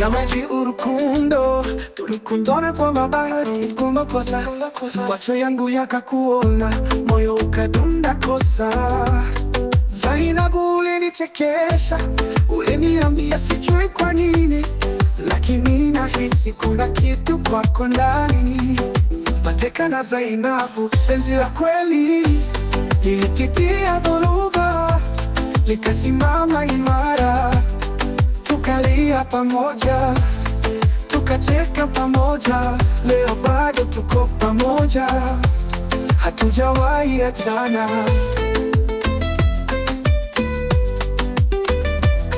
yamaji urukundo tulukundana kwa mabahati kumakosa, macho yangu yakakuona, moyo ukadunda kosa. Zainabu, ulinichekesha, uliniambia sijui kwa nini, lakini nahisi kuna kitu kwako ndani. Mateka na Zainabu, penzi la kweli lilipitia dhoruba likasimama imara tunalia pamoja, tukacheka pamoja, leo bado tuko pamoja, hatujawahi achana.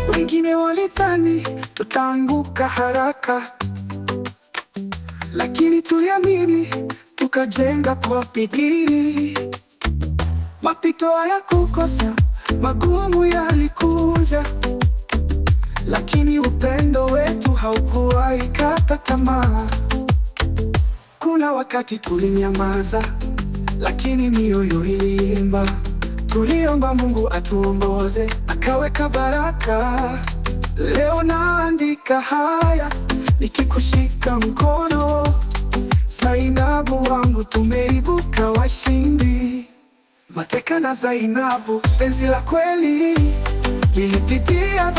Wengine walitani tutaanguka haraka, lakini tuliamini, tukajenga kwa bidii. Mapito hayakukosa, magumu yali haukuwahi kata tamaa. Kuna wakati tulinyamaza, lakini mioyo iliimba. Tuliomba Mungu atuongoze, akaweka baraka. Leo naandika haya nikikushika mkono, Zainabu wangu, tumeibuka washindi. Mateka na Zainabu, penzi la kweli lilipitia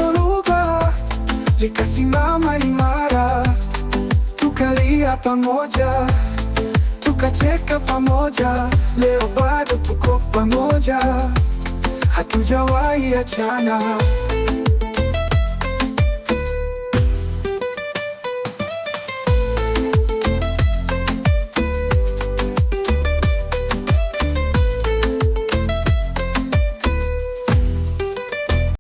likasimama imara, tukalia pamoja, tukacheka pamoja, leo bado tuko pamoja, hatujawahi achana.